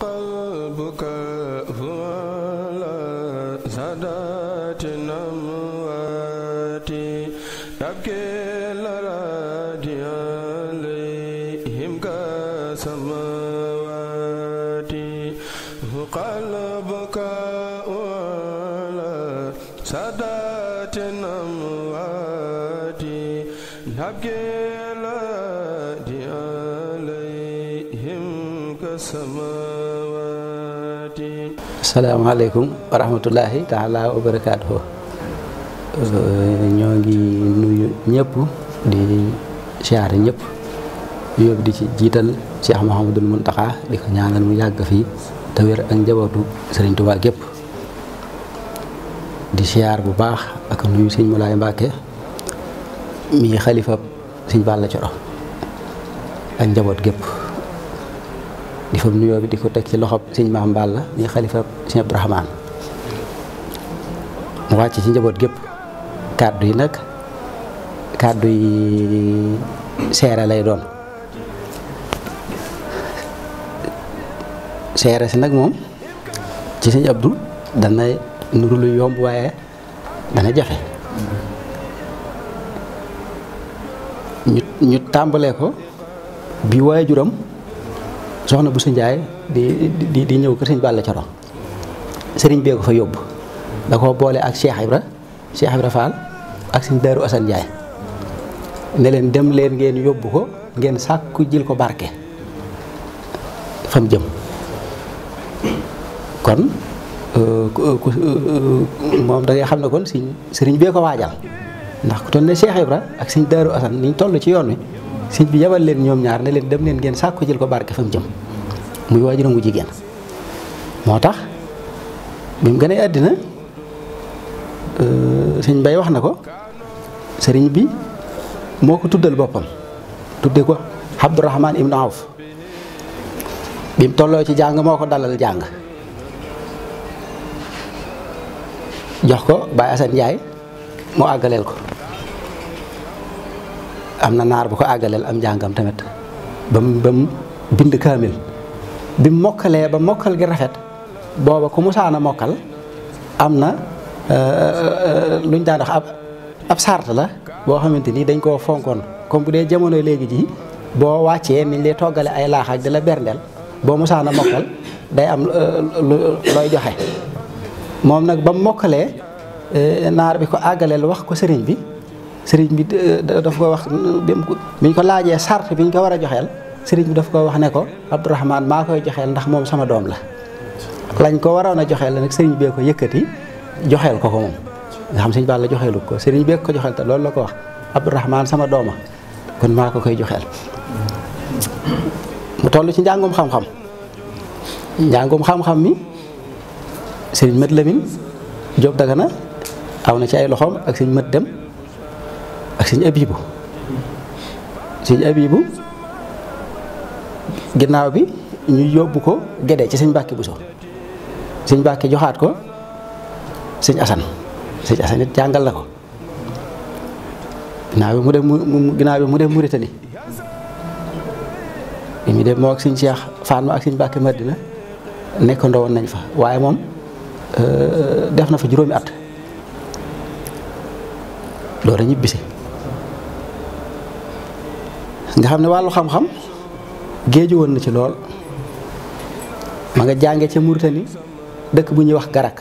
قلبك asalaamaaleykum wa rahmatullahi taala wa barakaatuhu ñoo ngi nuyu ñëpp di siyaare ñëpp yóbbu di ci jiital Cheikh Mouhamadul Mountakha di ko ñaanal mu yàgg fii te wér ak njabootu Serigne Touba gépp di siyaar bu baax ak nuyu sëñ Moulay Mbacke mii xalifa sëñ Balla Coro ak njaboot gépp di fa nuyoo bi di ko teg ci loxo sëñ Maam Balla di xalifa sëñ Abdourahmane mu wàcc ci njaboot gépp kàddu yi nag kàddu yi seere lay doon seere si nag moom ci sëñ Abdou dana nuru lu yomb waaye dana jafe ñu ñu tàmbalee ko bi juróom soxna bu Ndiaye di di di ñëw kër sëñ Balla Coro sëriñ bee ko fa yóbbu da koo boole ak Cheikh Ibra Cheikh Ibra Fall ak sëñ Daaru Assane Ndiaye ne leen dem leen ngeen yóbbu ko ngeen sàkku jil ko barke fam jëm kon euh, euh, euh, moom da ngay xam ne kon sëriñ bee ko waajal ndax ku toll ne Cheikh Ibra ak sëñ Daaru Assane niñ toll ci yoon wi sëñ bi yabal leen ñoom ñaar na leen dem leen ngeen sàkku jël ko barke fa mu jëm muy waajuram wu jigéen moo tax bi mu gën a àddina euh, sëñ Bay wax na ko sëriñ bi moo ko tuddal boppam tudde ko Abdourahman Ibn Awf bi mu tolloo ci jàng moo ko dalal jàng jox ko Baye Assane Ndiaye mu àggaleel ko am na naar bu ko àggaleel am njàngam tamit ba mu ba mu bind kaamil bi mokkalee ba mokkal gi rafet booba ku musaana mokkal am na euh, euh, luñ daan wax ab ab sart la boo xamante ni dañ koo fonkoon comme bu dee jamono léegi ji boo wàccee niñ lay toggale ay laax ak di la berndeel boo musaana mokkal day am euh, looy joxe moom nag ba mokkalee naar bi ko àggaleel wax ko sëriñ bi sëriñ bi eh, daf ko wax eh, bi ñu ko laajee sart bi ñu ko war a joxeel sëriñ daf ko wax ne ko Abdourahman maa koy joxeel ndax moom sama doom la lañ ko waroon a joxeel nag sëriñ bee ko joxeel ko ko moom nga xam sëriñ Balla joxeelu ko sëriñ bee ko joxeel te loolu la ko wax Abdourahman sama dooma kon maa ko koy joxeel mu toll ci njàngum xam-xam njàngum xam-xam mi sëriñ Mat Lamin Jóob Dagana aw na ci ay loxoom ak sëriñ Mat Dem ak sëñ abibu sëñ abibu ginnaaw bi ñu yóbbu ko Gédé ci sëñ bu Buso sëñ Mbàkke joxaat ko sëñ Asan sëñ Asan it jàngal la ko ginnaaw bi mu dem mu ginnaaw bi mu dem Muritani moo ak sëñ Seex Faanma ak sëñ Mbàkke Madina nekkandoo woon nañ fa waaye moom euh, def na fa juróomi at loolu ñibbisi nga xam ne wàllu xam-xam géeju woon na ci lool ma nga jànge ca Murtani dëkk bu ñuy wax Garak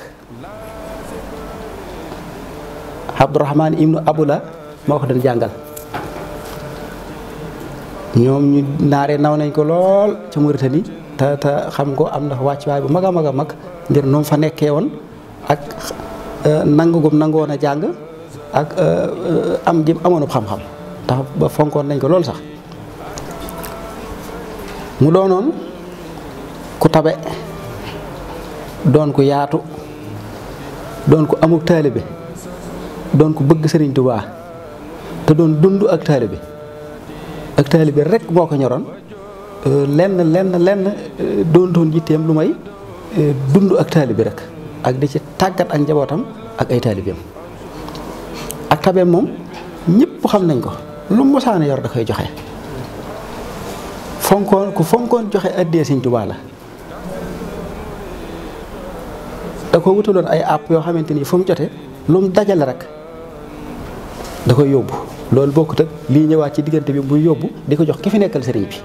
Abdourahman ibnu Abula moo ko doon jàngal ñoom ñu naare naw nañ ko lool ca Murtani te te xam ko am na wàcc waay bu mag a mag a mag ngir noom fa nekkee woon ak euh, nangu gum nangoon a jàng ak euh, euh, am jëm amoon xam-xam tax fonkoon nañ ko lool sax mu doonoon ku tabe doon ku yaatu doon ku amuk taalibe doon ku bëgg sëriñ Tuubaa te doon dund ak taalibe ak taalibe rekk moo ko ñoroon euh, lenn lenn lenn euh, doontoon yitteem lu may euh, dundu ak taalibe rek ak di ci tàggat ak njabootam ak ay taalibeem ak tabeem moom ñëpp xam nañ ko lu mosaana yor da koy joxe fonkoon ku fonkoon joxe addee Sëñ Tuubaa la da ko wutaloon ay àpp yoo xamante ni fu jote lu dajale rek da koy yóbbu loolu bokkut ak lii ñëwaat ci diggante bi muy yóbbu di ko jox ki fi nekkal sëriñ bi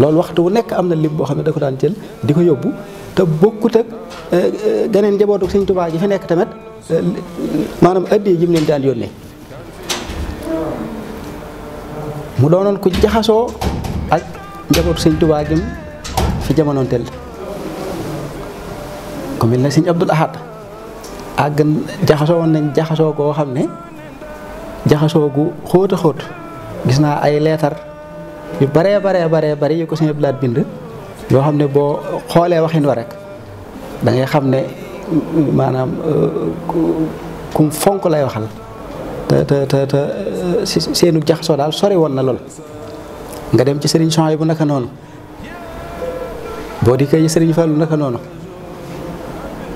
loolu waxtu wu nekk am na lim boo xam ne da ko daan jël di ko yóbbu te bokkut ak eh, eh, geneen njabootu Sëñ Tuubaa ji fi nekk tamit eh, maanaam addee jim leen daan yónnee mu doonoon ku jaxasoo ak njabootu sëñ Tuubaa gim fi jamonoon tel ku mel ne sëñ Abdul Ahad àgg jaxasoo woon nañ jaxasoo goo xam ne jaxasoo gu xóot xóot gis naa ay leetar yu baree baree baree bari yu ko sëñ Abdul bind yoo xam ne boo xoolee waxin wa rek dangay xam ne maanaam euh, kum fonk lay waxal te te te seenu jaxasoo daal sori woon na lool nga dem ci sëriñ bu naka noonu boo dikkee ci sëriñ Fallou naka noonu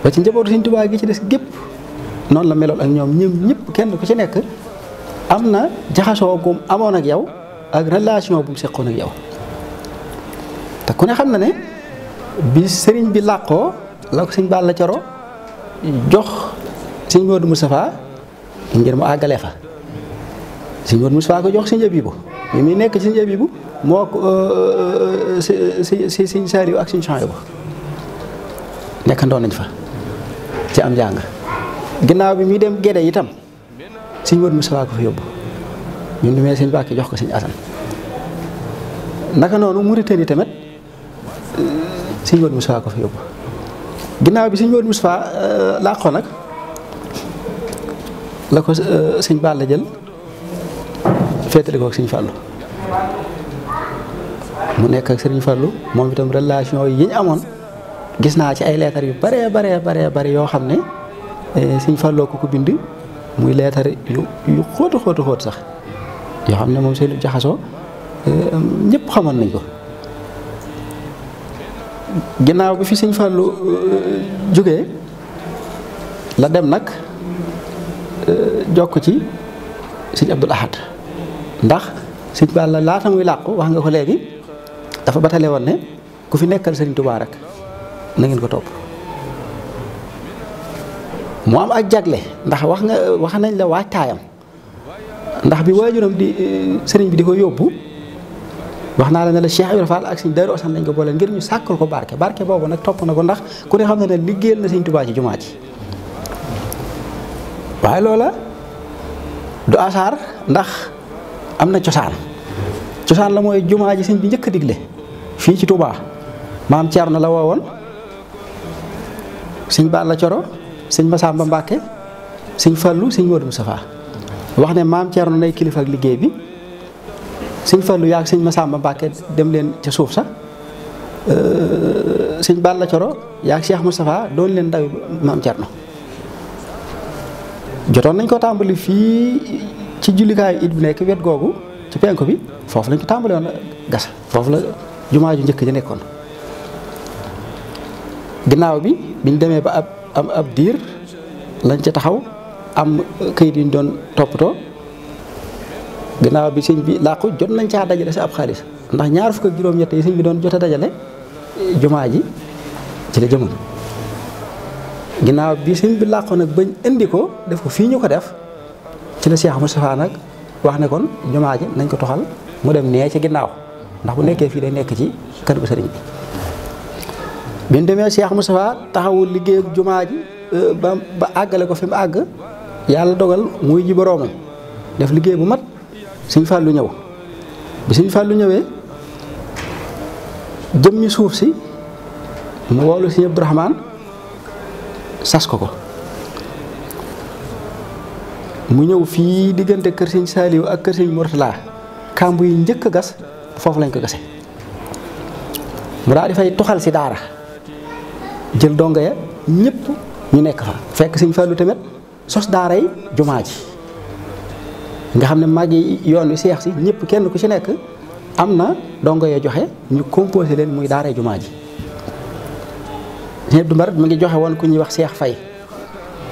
ba ci njabootu sëriñ Tuubaa gi ci des gépp noonu la meloon ak ñoom ñoom ñëpp kenn ku ci nekk am na jaxasoo gum amoon ak yow ak relation bu mu seqoon ak yow te ku ne xam na ne bi sëriñ bi làqoo la ko sëñ Balla Coro jox sëñ Modou Moustapha ngir mu àggale fa sëñ Modou Moustapha ko jox sëñ Abibou bi muy nekk sëñ Abibu moo euh, euh, euh, si si sëñ Saaliw ak sëñ Suhaybu nekkandoon nañ fa ci am njàng ginnaaw bi muy dem Gédé itam sëñ Moodu Mustafaa ko fa yóbbu ñun du mee sëñ jox ko sëñ Asan naka noonu Muritani tamit sëñ Moodu Mustafaa ko fa yóbbu ginnaaw bi sëñ Moodu Mustafaa làqoo nag la ko sëñ Balla jël féetale ko ak sëñ mu nekk ak sëriñ Fallou moom itam relation yi ñu amoon gis naa ci ay leetar yu bare bare bare bare yoo xam ne eh, sëñ Fallou ko ko bind muy leetar yu yu xóotu xóotu xóot sax yoo xam ne moom seenu jaxasoo eh, ñépp xamoon nañ ko ginnaaw bi fi sëñ Fallou eh, jógee la dem nag jokk ci sëñ Abdul Ahad ndax sëñ Balla laata muy làqu wax nga ko léegi dafa batale woon ne ku fi nekkal sëriñ Tuubaa rek na ngeen ko topp mu am ak jagle ndax wax nga wax nañ la waajtaayam ndax bi waajuram di eh, sëriñ bi di koy yóbbu wax naa la ne la Cheikh Ibrahima Fall ak sëñ Daaru Asan lañ ko boole ngir ñu sàkkal ko barke barke boobu nag topp na ko ndax ku ne xam ne ne liggéeyal na sëñ Tuubaa ci jumaa ji waaye loola du asaar ndax am na cosaan cosaan la mooy jumaa ji sëñ bi njëkk a digle fii ci Touba maam Thierno la woowoon sëñ Balla Coro sëñ Masamba Mbàkke sëñ Fallu sëñ Modou Moustapha wax ne maam Thierno nay kilifa liggéey bi sëñ Fallu yaa sëñ sëñ Masamba Mbàkke dem leen ca suuf sa sëñ la Coro yaa ak Cheikh Moustapha doon leen ndaw maam Thierno jotoon nañ ko tàmbali fii ci jullikaayu it bi nekk wet googu ci penk bi foofu lañ ko tàmbale woon gas foofu la jumaa ju njëkk ja nekkoon ginnaaw bi biñ demee ba ab am diir lañ ca taxaw am këyit yuñ doon toppatoo ginnaaw bi sëñ bi làqu jot nañ caa dajale si ab xaalis ndax ñaar fukk ak juróom-ñett yi sëñ bi doon jote dajale jumaa ji ci la jëmoon ginnaaw bi sëñ bi làqu nag bañ indi ko def ko fii ñu ko def ci la Cheikh Moustapha nag wax ne kon jumaa ji nañ ko toxal mu dem nee ci ginnaaw ndax bu nekkee fii day nekk ci kër bu sëriñ bi bi ñu demee Cheikh Moustapha taxawul liggéey ak jumaa ji euh, ba àggale ko fi mu àgg yàlla dogal mu ji boroomam def liggéey bu mat suñ fàllu ñëw bi suñ fàllu ñëwee jëm suuf si mu woolu si Abdourahmane sas ko ko mu ñëw fii diggante kër siñ Saaliw ak kër sëñ Murtala kàmb yi njëkk a gas foofu lañ ko gase mu daa defay toxal si daara jël donga ya ñëpp ñu nekk fa fekk sëñ Fallou tamit sos daara yi jumaa ji nga xam ne mag yi yoon wi seex si ñëpp kenn ku ci nekk am na dongo ya joxe ñu composé leen muy daaray jumaa ji ñëpp du mbarat mu ngi joxe woon ku ñuy wax Seex Fay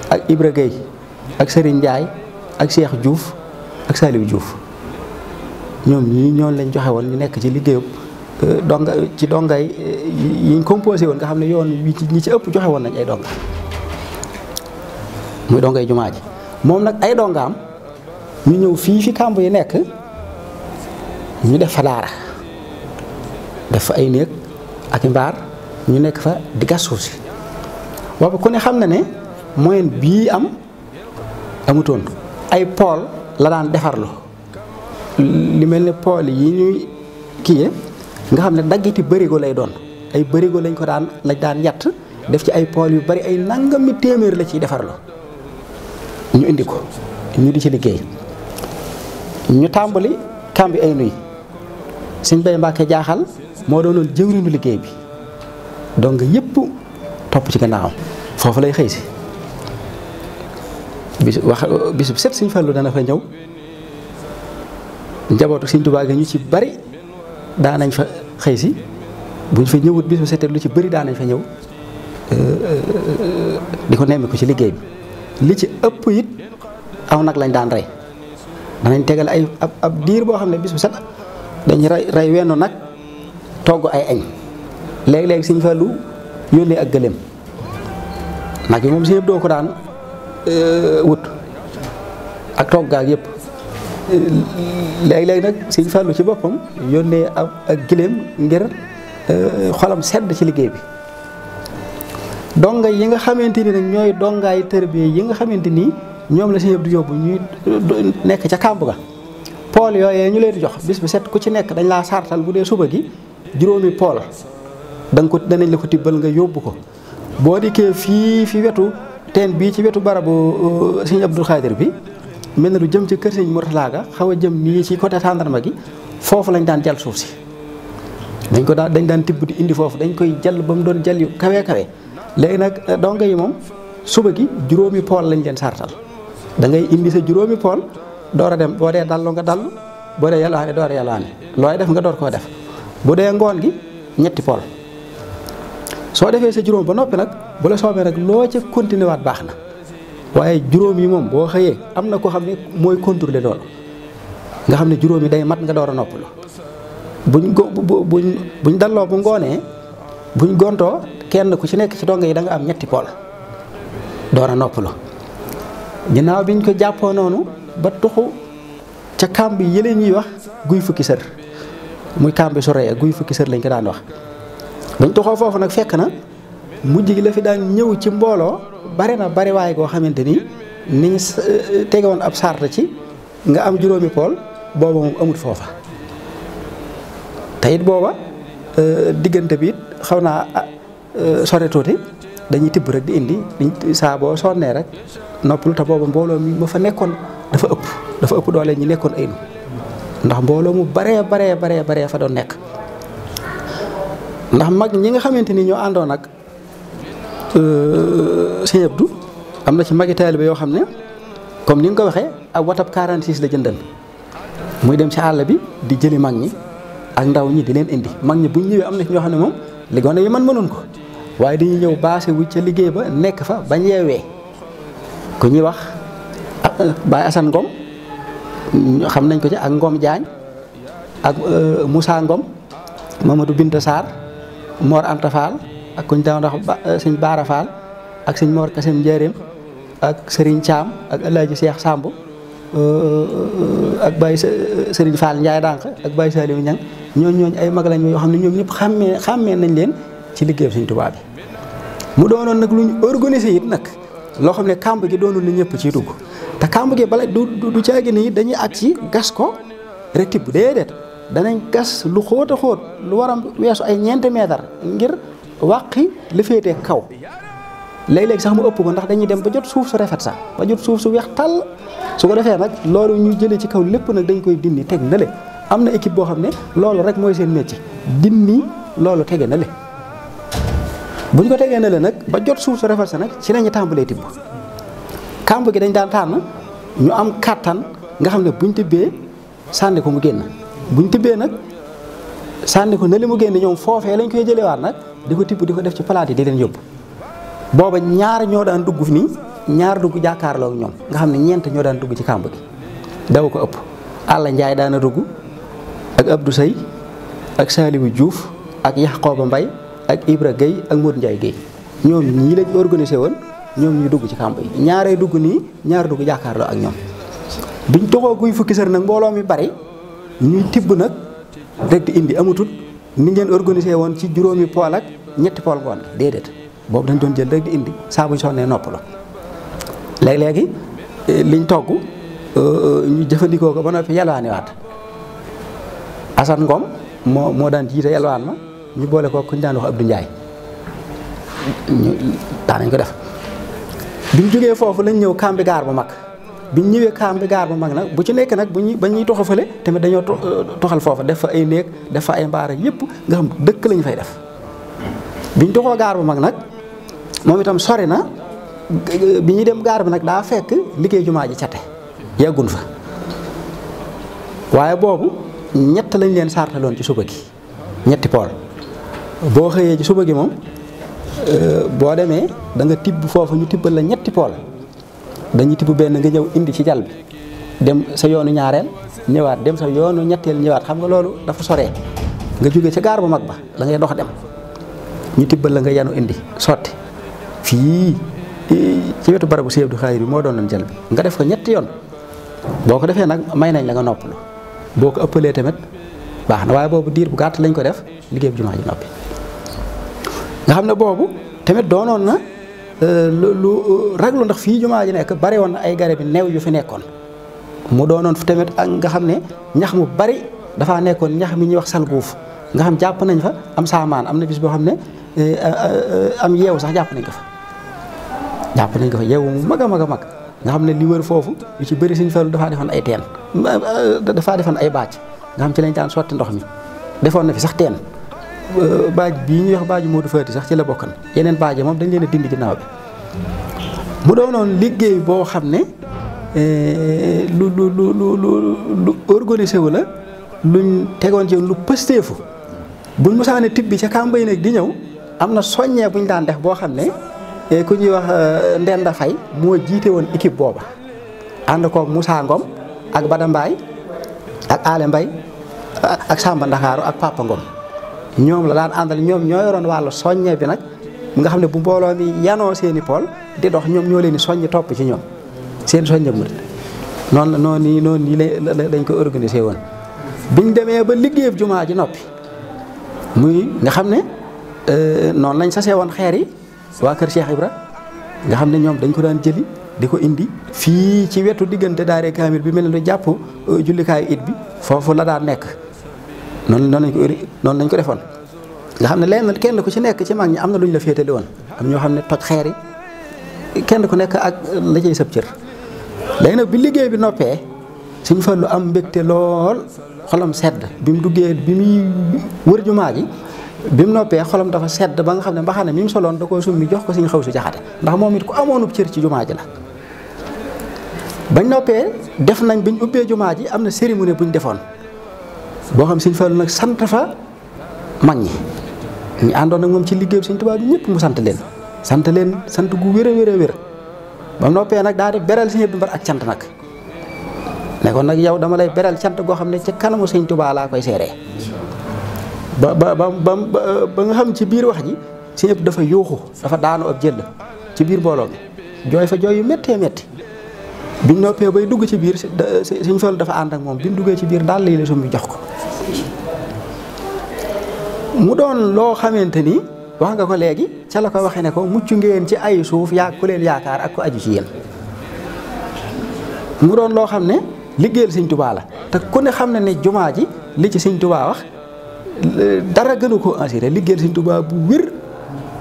ak Ibra Gueye ak Serigne Ndiaye ak Cheikh Diouf ak Saliou juuf ñoom ñi ñoo lañ joxe woon ñu nekk ci liggéeyub donga ci dongaay eh, yiñ composé woon nga xam ne yoon wi ci ñi ci ëpp joxe woon nañ ay donga muy dongay jumaa ji moom nag ay dongaam ñu ñëw fii fi kàmb yi nekk ñu def fa daara def fa ay néeg ak mbaar ñu nekk fa di gas suuf si waaw ku ne xam na ne moyen bii am amutoon ay pool la daan defarlu li mel ni pool yi ñuy kii nga xam ne daggiti bërigo lay doon ay bërigo lañ ko daan lañ daan yatt def ci ay pool yu bari ay nangami téeméer la ciy defarlu ñu indi ko ñu di ci liggéey ñu tàmbali kambi ay nuy suñ bay mbàkke jaaxal moo doonoon jëwriñu liggéey bi donc yëpp topp ci gannaawam foofu lay xëy si bis wax bis bu set Sëñ Fallu dana fa ñëw njabootu Sëñ Tuubaa gi ñu ci bari daanañ fa xëy si buñ fa ñëwut bis bu setee lu ci bari daanañ fa ñëw di ko nemmi ko ci liggéey bi li ci ëpp it aw nag lañ daan rey danañ tegal ay ab ab diir boo xam ne bis bu set dañuy rey rey wenn nag togg ay añ léeg-léeg Sëñ Fallu yónnee ak gëléem nag yi moom si yëpp doo ko daan Euh, wut ak toggaag yëpp léegi-léegi nag sëñ Fallou ci boppam yónnee ab ak giléem ngir euh, xolam sedd ci liggéey bi donga yi nga xamante ni nag ñooy dongaay tërbiye yi nga xamante nii ñoom la sëñ Abdou yóbbu ñuy nekk ca kàmb ga pool yooyee ñu leen jox bis bi set ku ci nekk dañ laa sartal bu dee suba gi juróomi pool da ko danañ la ko tibbal nga yóbbu ko boo dikkee fii fi wetu teen bii ci wetu barabu euh, sëñ Abdul Xaadir bi mel na lu jëm ci kër sëñ Murtala ga xaw a jëm nii ci côté tàndarma gi foofu lañ daan jal suuf si dañ ko daan dañ daan tibb di indi foofu dañ koy jal ba mu doon jal yu kawe kawe léegi nag euh, donga yi moom suba gi juróomi pool lañ leen sartal da ngay indi sa juróomi pool door a dem boo dee dallu nga dallu boo dee yalwaane door a yalwaane looy def nga door koo def bu dee ngoon gi ñetti pool soo defee sa juróom ba noppi nag bu la soobee rek loo ca continué waat baax na waaye juróom yi moom boo xëyee am na koo xam ne mooy contrôler loolu nga xam ne juróom yi day mat nga door a noppalu buñ go buñ buñ dalloo bu ngoonee buñ gontoo kenn ku ci nekk ci donga yi da am ñetti pool door a noppalu ginnaaw biñ ko jàppoo noonu ba tuxu ca kàmb bi yële ñuy wax guy fukki sër muy kàmb yi su rey guy fukki sër lañ ko daan wax buñ tuxoo foofu nag fekk na. mujj gi la fi daan ñëw ci mbooloo bari na bare waaye koo xamante ni ni ñu eh, tege woon ab sart ci nga am juróomi pool booba moom amut foofa te it booba eh, diggante bi xaw naa ah, eh, sore tuuti dañuy tibb rek di indi saaboo boo sonnee rek noppalu te booba mbooloo mi ma fa nekkoon dafa ëpp dafa ëpp doole ñi nekkoon ay ndax mbooloo mu baree baree baree baree fa doon nekk ndax mag ñi nga xamante ni ñoo àndoon nag Euh, sëñ Abdou am na ci magi taalibe yoo xam ne comme ni nga ko waxee ab watab 46 la jëndal muy dem si àll bi di jëli mag ñi ak ndaw ñi di leen indi mag ñi bu ñëwee am na ci ñoo xam ne moom li gone yi man mënoon ko waaye dañuy ñëw baase wu ca liggéey ba nekk fa bañ yeewee ku ñuy wax ah, Baye Assane Ngom xam nañ ko ci ak Ngom Diagne ak euh, Moussa Ngom Mamadou Binta Sarr Mor Anta Fall ak kuñ daan wax eh, sëñ Baara Fall ak sëñ Mor Kasim Njaareem ak sëriñ Thiam ak El Hadj Cheikh Samb eh, eh, ak Baye Serigne Fall Ndiaye Dànq ak Baye Saliou Niang ñooñ ñooñ ay mag lañ yoo xam ne ñoom ñëpp xàmmee xàmmee nañ leen ci liggéeyam sëñ Tuubaa bi mu doonoon nag luñ organisé it nag loo xam ne kàmb gi doonul na ñëpp ciy dugg te kàmb gi bala du du caagi ni dañuy ak ci gas ko rek tibb déedéet danañ gas lu xóot a xóot lu war a weesu ay ñeenti mètre ngir wàqi li féetee kaw léeg-léeg sax mu ëpp ko ndax dañuy dem ba jot suuf su rafet sax ba jot suuf su weex tàll su ko defee nag loolu ñu jëlee ci kaw lépp nag dañ koy dindi teg na le am na équipe boo xam ne loolu rek mooy seen métier dindi loolu tege na le bu ko tegee na le nag ba jot suuf su rafet sa nag ci la ñu tàmbalee tibb kàmb gi dañ daan tànn ñu am kàttan nga xam ne buñ tibbee sànni ko mu génn buñ tibbee nag. sànni ko na li mu génne ñoom foofee lañ koy jëlewaat nag di ko tibb di ko def ci palaat yi di leen yóbbu booba ñaar ñoo daan dugg nii ñaar dugg jàkkaarloo ak ñoom nga xam ne ñeent ñoo daan dugg ci kàmb daw ko ëpp àlla njaay daana dugg ak Abdou Sey ak Saliou Diouf ak Yaxqooba Mbay ak Ibra Gueye ak Modou Ndiaye Gueye ñoom ñii lañ organisé woon ñoom ñu dugg ci kàmb ñaaree dugg nii ñaar dugg jàkkaarloo ak ñoom biñ toxoo guy fukki sër nag mbooloo mi bari ñuy tibb nag direct indi amatut ni ngeen organisé woon ci juróomi pool ñetti pool ngoon déedéet boobu dañ doon jël direct indi saa bu ñu sonnee noppaloo léeg-léegi eh, liñ togg euh, euh, ñu jëfandikoo ko ba noppi yalwaani waat Assane Ngom moo moo daan jiite yalwaan ma ñu boole ko ku ñu daan wax Abdou Ndiaye ñu daanañ ko def bi ñu jógee foofu lañ ñëw kambi gaar bu mag biñ ñëwee kaam bi gaar bu mag nag bu ci nekk nag bu ñuy ba ñuy toxa fële tamit dañoo euh, toxal foofa def fa ay néeg def fa ay mbaar ak yëpp nga xam dëkk lañu fay def biñ toxoo gaar bu mag nag moom itam sori na bi ñuy dem gaar bi nag daa fekk liggéey jumaa ji cate yeggun fa waaye boobu ñett lañ leen sartaloon ci suba gi ñetti pool boo xëyee ci suba gi moom euh, boo demee danga nga tibb foofu ñu tibbal la ñetti pool dañuy tibb benn nga ñëw indi ci jal bi dem sa yoonu ñaareel ñëwaat dem sa yoonu ñetteel ñëwaat xam nga loolu dafa soree nga jóge ca gaar bu mag ba da ngay dox dem ñu tibbal la nga yanu indi sotti fii ci wetu barabu Sëñ Abdu Xaadir bi moo doonoon bi nga def ko ñetti yoon boo ko defee nag may nañ la nga noppalu boo ko ëppalee tamit baax na waaye boobu diir bu gàtt lañ ko def liggéey bu jumaa ji noppi nga xam ne boobu tamit doonoon na Euh, lu euh, raglu ndax fii jumaa ji nekk bari woon na ay garab yi néew yu fi nekkoon mu doonoon fi tamit ak nga xam ne ñax mu bari dafaa nekkoon ñax mi ñuy wax salguuf nga xam jàpp nañ fa am saamaan am na bis boo xam ne euh, am yeewu sax jàpp nañ ko fa jàpp nañ ko fa yeewu mu mag a mag a mag nga xam ne li wër foofu yu ci bëri suñ felu dafaa defoon ay teen dafaa defoon ay bàcc nga xam ci lañ daan sotti ndox mi defoon na fi sax teen Euh, baaj bii ñuy wax baaju Modou Fati sax ci la bokkan yeneen baaje moom dañ leen a dindi ginnaaw bi mu doonoon liggéey boo xam ne eh, lu lu lu lu lu organisé wu la luñ tegoon ci lu pësteefu buñ musaane tibbi ca kàmbay nag di ñëw am na soññee buñ daan def boo xam ne eh, ku ñuy wax euh, Ndenda Fay moo jiite woon équipe booba ànd koog Moussa Ngom ak Bada Mbaay ak Ale Mbay ak Samba Ndakaaru ak Papa Ngom ñoom la daan àndal ñoom ñoo yoroon wàllu soññe bi nag mu nga xam ne bu mbooloo mi yanoo seeni pool di dox ñoom ñoo leen di soññ topp ci ñoom seen soññe bu noonu la noonu nii noonu nii lañ koy organisé woon. biñ demee ba liggéeyub jumaa ji noppi muy nga xam ne euh, noonu lañ sasee woon xeer yi waa Kër Cheikh Ibra nga xam ne ñoom dañ ko daan jëli di ko indi fii ci wetu diggante daaree kaamil bi mel ne jàpp euh, jullikaay it bi foofu la daan nekk. noonu noonu lañ ko noonu lañ ko defoon nga xam ne lenn kenn ku ci nekk ci mag ñi am na lu ñu la féetali woon am ñoo xam ne toj xeer yi kenn ku nekk ak la cay sëb cër léegi nag bi liggéey bi noppee suñ fa lu am mbégte lool xolam sedd bi mu duggee bi muy wër jumaa ji bi mu noppee xolom dafa sedd ba nga xam ne mbaxane mi mu soloon da koo summi jox ko suñ xaw si jaxate ndax moom it ku amoonub cër ci jumaa ji la bañ noppee def nañ biñ ubbee jumaa ji am na bu ñu defoon boo xam sëñ Fallu nag sant fa mag ñi ñu àndoon nag moom ci liggéey sëñ Tuubaa bi ñëpp mu sant leen sant leen sant gu wér a wér ba noppee nag daa di beral sëñ Abdu ak cant nag ne nag yow dama lay beral cant goo xam ne ci kanamu sëñ Tuubaa laa koy seeree ba ba ba ba nga xam ci biir wax ji sëñ Abdu dafa yuuxu dafa daanu ab jël ci biir mbooloo mi jooy fa jooy yu méttee métti bi noppee bay dugg ci biir sëñ Fallu dafa ànd ak moom bi mu duggee ci biir daal lay la summi jox ko mu doon loo xamante ni wax nga ko léegi ca la ko waxee ne ko mucc ngeen ci ay suuf yaa ku leen yaakaar ak ko aju ci yéen mu doon loo xam ne liggéeyal sëñ tubaa la te ku ne xam na ne jumaa ji li ci sëñ tubaa wax dara gënu ko assuré liggéeyal sëñ tubaa bu wir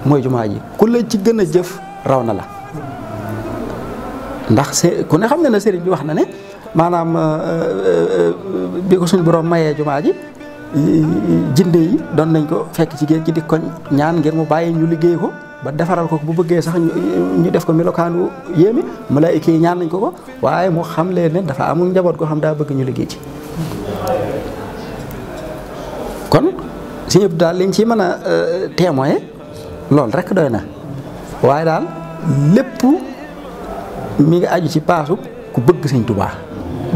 mooy jumaa ji ku la ci gën a jëf raw na la ndax ku ne xam na ne sëriñ bi wax na ne maanaam euh, euh, euh, bi ko suñu borom mayee jumaa ji jinde yi doon nañ ko fekk ci géej gi di ko ñaan ngir mu bàyyi ñu liggéey ko ba defaral ko bu bëggee sax ñu def ko melokaanu yéeme malaayika yi ñaan nañ ko ko waaye mu xam leen ne dafa amul njaboot goo xam daa bëgg ñu liggéey ci kon si ñëpp daal liñ ci mën a témoin loolu rek doy na waaye daal lépp mi ngi aju ci paasu ku bëgg Sëñ tubaa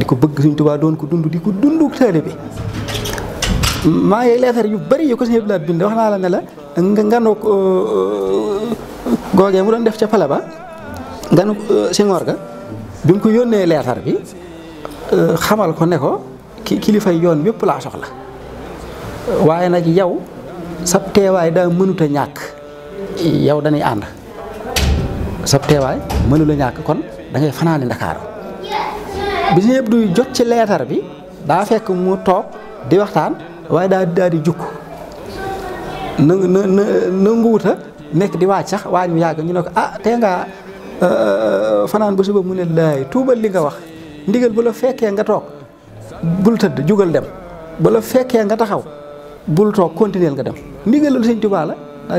di ko bëgg suñ tubaa doon ko dund di ko dund taalibe bi maa ngi leetar yu bari yu ko sëñ Abdoulaye bind wax naa la ne nga nganu uh, googee mu doon def ca pala ba nganu uh, Senghor ga bi mu ko yónnee leetar bi uh, xamal ko ne ko ki kilifay yoon yëpp laa soxla waaye nag yow sab teewaay daa mënut ñàkk yow dañuy ànd sab teewaay mënula ñàkk kon da ngay fanaani Ndakaaru bi Sëñ duy jot ci leetar bi daa fekk mu toog di waxtaan waaye daa daal di jukk na na na nanguwuta nekk di waaj sax waaj mu yàgg ñu ne ko ah tey ngaa euh, euh, fanaan ba suba mu ne laay tuubal li nga wax ndigal ba la fekkee nga toog bul tëdd jugal dem bu la fekkee nga taxaw bul toog continuer nga dem ndigal loolu Sëñ Tuubaa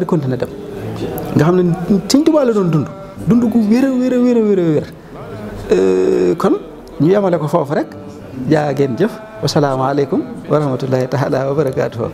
di continuer dem nga xam ne Sëñ Tuubaa doon dund dund gu wér a wér a euh, kon ñu yemale ko foofu rek jaa ngeen jëf wasalaamaaleykum wa rahmatullahi taala wa barakaatu